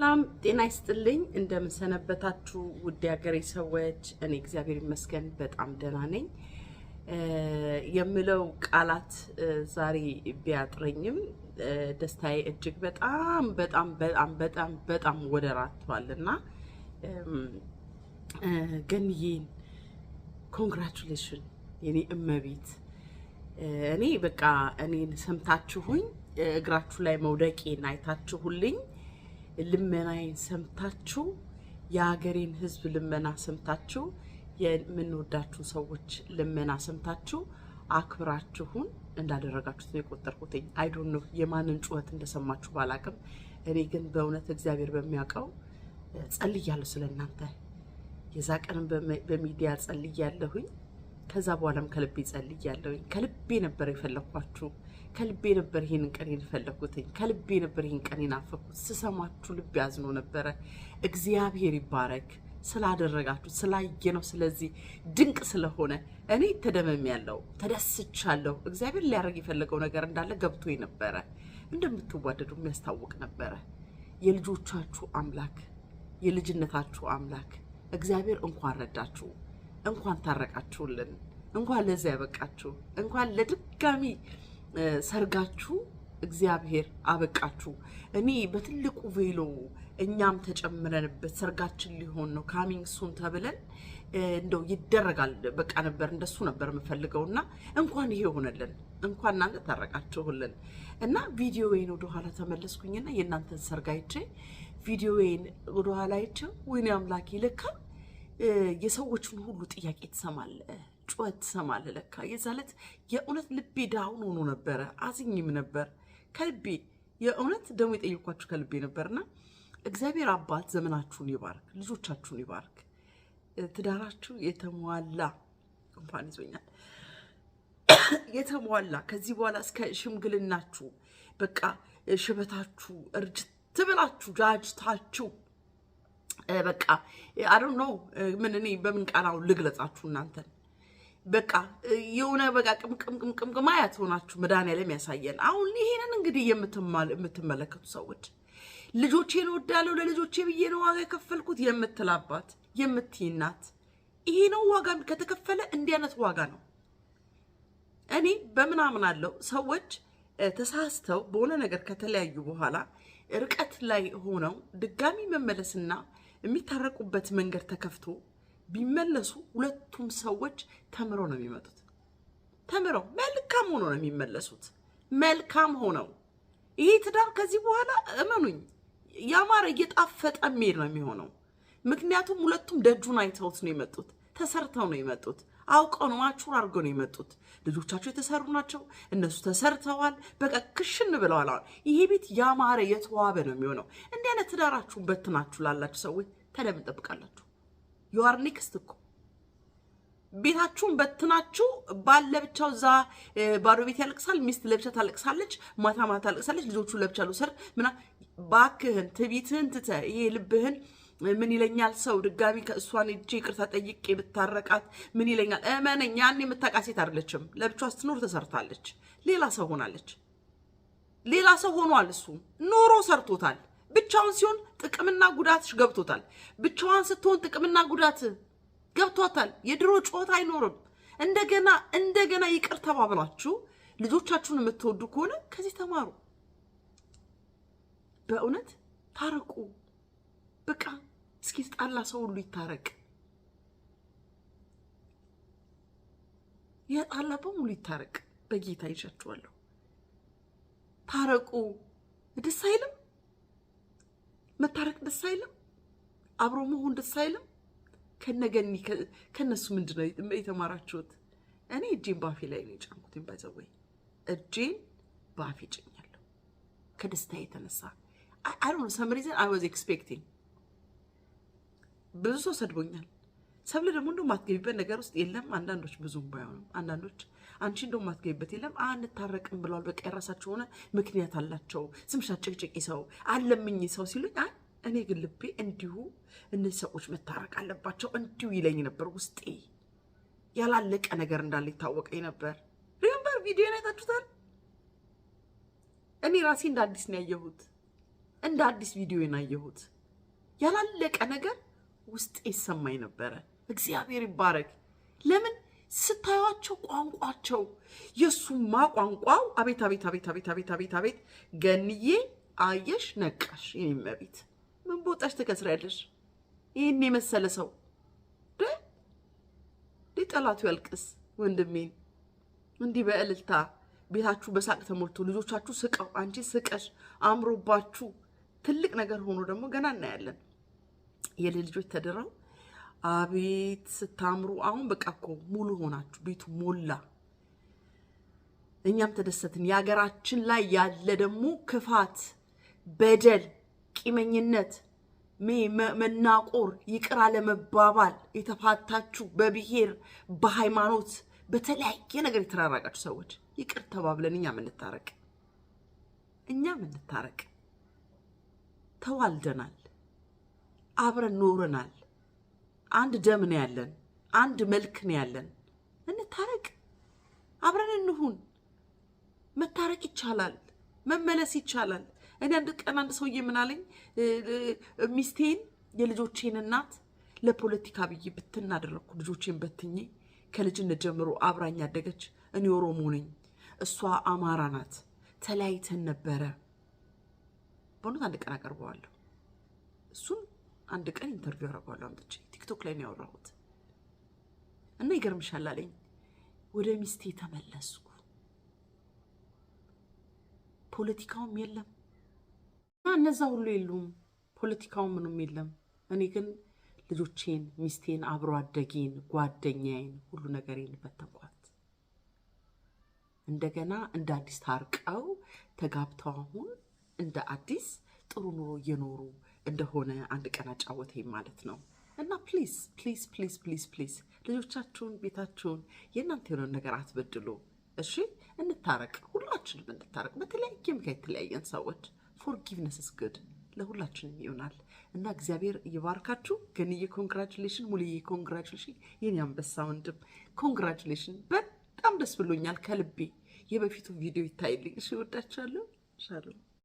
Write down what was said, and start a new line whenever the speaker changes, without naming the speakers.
ሰላም ጤና ይስጥልኝ። እንደምንሰነበታችሁ ውድ ሀገሬ ሰዎች፣ እኔ እግዚአብሔር ይመስገን በጣም ደህና ነኝ። የምለው ቃላት ዛሬ ቢያጥረኝም ደስታዬ እጅግ በጣም በጣም በጣም በጣም በጣም ወደራቷል እና ገንዬን ኮንግራቹሌሽን የኔ እመቤት እኔ በቃ እኔን ሰምታችሁኝ እግራችሁ ላይ መውደቄን አይታችሁልኝ ልመናዬን ሰምታችሁ የሀገሬን ህዝብ ልመና ሰምታችሁ የምንወዳችሁ ሰዎች ልመና ሰምታችሁ አክብራችሁን እንዳደረጋችሁት ነው የቆጠርኩትኝ። አይዶን ነው የማንን ጩኸት እንደሰማችሁ ባላቅም፣ እኔ ግን በእውነት እግዚአብሔር በሚያውቀው ጸልያለሁ ስለ እናንተ። የዛ ቀንም በሚዲያ ጸልያለሁኝ። ከዛ በኋላም ከልቤ ጸልያለሁኝ። ከልቤ ነበር የፈለግኳችሁ ከልቤ ነበር ይሄንን ቀኔን የፈለግኩትኝ። ከልቤ ነበር ይሄን ቀን አፈኩት። ስሰማችሁ ልብ ያዝኖ ነበረ። እግዚአብሔር ይባረክ ስላደረጋችሁ ስላየነው፣ ስለዚህ ድንቅ ስለሆነ እኔ ተደመም ያለው ተደስቻለሁ። እግዚአብሔር ሊያደርግ የፈለገው ነገር እንዳለ ገብቶኝ ነበረ። እንደምትዋደዱ የሚያስታውቅ ነበረ። የልጆቻችሁ አምላክ የልጅነታችሁ አምላክ እግዚአብሔር እንኳን ረዳችሁ፣ እንኳን ታረቃችሁልን፣ እንኳን ለዚያ ያበቃችሁ፣ እንኳን ለድጋሚ ሰርጋችሁ እግዚአብሔር አበቃችሁ። እኔ በትልቁ ቬሎ እኛም ተጨምረንበት ሰርጋችን ሊሆን ነው ካሚንግ ሱን ተብለን እንደው ይደረጋል በቃ ነበር እንደሱ ነበር የምፈልገው። እና እንኳን ይሄ ሆነልን፣ እንኳን እናንተ ታረቃችሁልን። እና ቪዲዮዌን ወደኋላ ተመለስኩኝና የእናንተን ሰርግ አይቼ ቪዲዮዌን ወደኋላ አይቼው ወይኔ አምላኬ፣ ለካ የሰዎችን ሁሉ ጥያቄ ትሰማለህ ጩኸት ትሰማለህ ለካ። የዛ ዕለት የእውነት ልቤ ዳውን ሆኖ ነበረ። አዝኝም ነበር ከልቤ የእውነት ደግሞ የጠየኳችሁ ከልቤ ነበርና እግዚአብሔር አባት ዘመናችሁን ይባርክ፣ ልጆቻችሁን ይባርክ። ትዳራችሁ የተሟላ እንኳን ይዞኛል የተሟላ ከዚህ በኋላ እስከ ሽምግልናችሁ በቃ ሽበታችሁ እርጅት ትብላችሁ ጃጅታችሁ በቃ አይ ዶንት ኖ ምን እኔ በምን ቃል ልግለጻችሁ እናንተን በቃ የሆነ በቃ ቅምቅምቅምቅም አያት ሆናችሁ መድኃኒዓለም ያሳየን። አሁን ይሄንን እንግዲህ የምትመለከቱ ሰዎች ልጆቼን ወዳለው ለልጆቼ ብዬ ነው ዋጋ የከፈልኩት የምትላባት የምትይናት ይሄ ነው ዋጋ ከተከፈለ እንዲህ አይነት ዋጋ ነው። እኔ በምን አምናለሁ ሰዎች ተሳስተው በሆነ ነገር ከተለያዩ በኋላ ርቀት ላይ ሆነው ድጋሚ መመለስና የሚታረቁበት መንገድ ተከፍቶ ቢመለሱ ሁለቱም ሰዎች ተምረው ነው የሚመጡት። ተምረው መልካም ሆነው ነው የሚመለሱት። መልካም ሆነው ይሄ ትዳር ከዚህ በኋላ እመኑኝ ያማረ እየጣፈጠ ሜድ ነው የሚሆነው። ምክንያቱም ሁለቱም ደጁን አይተውት ነው የመጡት። ተሰርተው ነው የመጡት። አውቀው ነው ማቹር አድርገው ነው የመጡት። ልጆቻቸው የተሰሩ ናቸው። እነሱ ተሰርተዋል። በቃ ክሽን ብለዋል። ይሄ ቤት ያማረ የተዋበ ነው የሚሆነው። እንዲህ አይነት ትዳራችሁን በትናችሁ ላላችሁ ሰዎች ተለምን ጠብቃላችሁ። ዩአር ኔክስት እኮ ቤታችሁን በትናችሁ ባል ለብቻው እዛ ባዶ ቤት ያለቅሳል። ሚስት ለብቻ ታለቅሳለች። ማታ ማታ ታለቅሳለች። ልጆቹን ለብቻ ልውሰድ ምና ባክህን ትቢትህን ትተህ ይሄ ልብህን ምን ይለኛል ሰው ድጋሚ ከእሷን እጅ ይቅርታ ጠይቄ ብታረቃት ምን ይለኛል? እመነኝ ያን የምታውቃት ሴት አይደለችም። ለብቻዋ ስትኖር ተሰርታለች። ሌላ ሰው ሆናለች። ሌላ ሰው ሆኗል። እሱ ኖሮ ሰርቶታል። ብቻውን ሲሆን ጥቅምና ጉዳትሽ ገብቶታል። ብቻዋን ስትሆን ጥቅምና ጉዳት ገብቷታል። የድሮ ጮት አይኖርም። እንደገና እንደገና ይቅር ተባብላችሁ ልጆቻችሁን የምትወዱ ከሆነ ከዚህ ተማሩ። በእውነት ታረቁ። በቃ እስኪ ጣላ ሰው ሁሉ ይታረቅ። የጣላ በሙሉ ይታረቅ። በጌታ ይዣችኋለሁ። ታረቁ። ደስ አይልም? መታረቅ ደስ አይልም? አብሮ መሆን ደስ አይልም? ከነገኒ ከነሱ ምንድነው የተማራችሁት? እኔ እጄን ባፌ ላይ ነው የጫንኩትን። ባይዘወይ እጄን ባፌ ጭኛለሁ ከደስታ የተነሳ አይ ዶንት ሰም ሪዘን አይ ዋዝ ኤክስፔክቲንግ። ብዙ ሰው ሰድቦኛል። ሰብለ ደግሞ እንደውም አትገቢበት ነገር ውስጥ የለም። አንዳንዶች ብዙም ባይሆንም አንዳንዶች አንቺ እንደው ማትገኝበት የለም አንታረቅም ብለዋል። በቃ የራሳቸው ሆነ ምክንያት አላቸው። ስምሻ ጭቅጭቂ ሰው አለምኝ ሰው ሲሉኝ እኔ ግን ልቤ እንዲሁ እነዚህ ሰዎች መታረቅ አለባቸው እንዲሁ ይለኝ ነበር። ውስጤ ያላለቀ ነገር እንዳለ ይታወቀኝ ነበር። ሪምበር ቪዲዮ አይታችሁታል? እኔ ራሴ እንደ አዲስ ነው ያየሁት። እንደ አዲስ ቪዲዮ አየሁት ያላለቀ ነገር ውስጤ ይሰማኝ ነበረ። እግዚአብሔር ይባረክ። ለምን ስታዩቸው ቋንቋቸው የእሱማ ቋንቋው አቤት አቤት አቤት አቤት አቤት አቤት አቤት ገንዬ አየሽ ነቃሽ። የኔ ምን ቦጣሽ ትከስሪያለሽ? ይህን የመሰለ ሰው ጠላቱ ያልቅስ ወንድሜን እንዲህ በእልልታ ቤታችሁ በሳቅ ተሞልቶ ልጆቻችሁ ስቀው አንቺ ስቀሽ አምሮባችሁ ትልቅ ነገር ሆኖ ደግሞ ገና እናያለን። የልጅ ልጆች ተድረው አቤት ስታምሩ! አሁን በቃ እኮ ሙሉ ሆናችሁ ቤቱ ሞላ። እኛም ተደሰትን። የሀገራችን ላይ ያለ ደግሞ ክፋት፣ በደል፣ ቂመኝነት፣ መናቆር፣ ይቅር አለመባባል የተፋታችሁ በብሔር በሃይማኖት በተለያየ ነገር የተራራቃችሁ ሰዎች ይቅር ተባብለን እኛም እንታረቅ እኛም እንታረቅ ተዋልደናል፣ አብረን ኖረናል። አንድ ደም ነው ያለን፣ አንድ መልክ ነው ያለን። እንታረቅ፣ አብረን እንሁን። መታረቅ ይቻላል፣ መመለስ ይቻላል። እኔ አንድ ቀን አንድ ሰውዬ ምን አለኝ፣ ሚስቴን የልጆቼን እናት ለፖለቲካ ብዬ ብትን አደረግኩ። ልጆቼን በትኜ ከልጅነት ጀምሮ አብራኝ ያደገች እኔ ኦሮሞ ነኝ፣ እሷ አማራ ናት። ተለያይተን ነበረ። በእውነት አንድ ቀን አቀርበዋለሁ እሱን አንድ ቀን ኢንተርቪው አደርገዋለሁ አምጥቼ ቲክቶክ ላይ ነው ያወራሁት። እና ይገርምሻል አለኝ ወደ ሚስቴ ተመለስኩ። ፖለቲካውም የለም እና እነዛ ሁሉ የሉም፣ ፖለቲካው ምኑም የለም። እኔ ግን ልጆቼን፣ ሚስቴን፣ አብሮ አደጌን፣ ጓደኛዬን ሁሉ ነገሬን በተንኳት እንደገና እንደ አዲስ ታርቀው ተጋብተው አሁን እንደ አዲስ ጥሩ ኑሮ እየኖሩ እንደሆነ አንድ ቀን አጫወተኝ ማለት ነው። እና ፕሊዝ ፕሊዝ ፕሊዝ ፕሊዝ ፕሊዝ ልጆቻችሁን፣ ቤታችሁን የእናንተ የሆነውን ነገር አትበድሉ። እሺ እንታረቅ፣ ሁላችንም እንታረቅ። በተለያየ ምክንያት የተለያየን ሰዎች ፎርጊቭነስ ስ ግድ ለሁላችንም ይሆናል እና እግዚአብሔር እየባርካችሁ። ገንዬ ኮንግራጁሌሽን፣ ሙሉዬ ኮንግራጁሌሽን፣ የኔ አንበሳ ወንድም ኮንግራጁሌሽን። በጣም ደስ ብሎኛል ከልቤ። የበፊቱ ቪዲዮ ይታይልኝ። እሺ እወዳችኋለሁ። ሻሎም